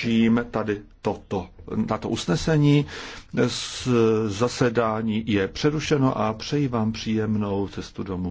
čím tady toto, tato usnesení. Zasedání je přerušeno a přeji vám příjemnou cestu domů.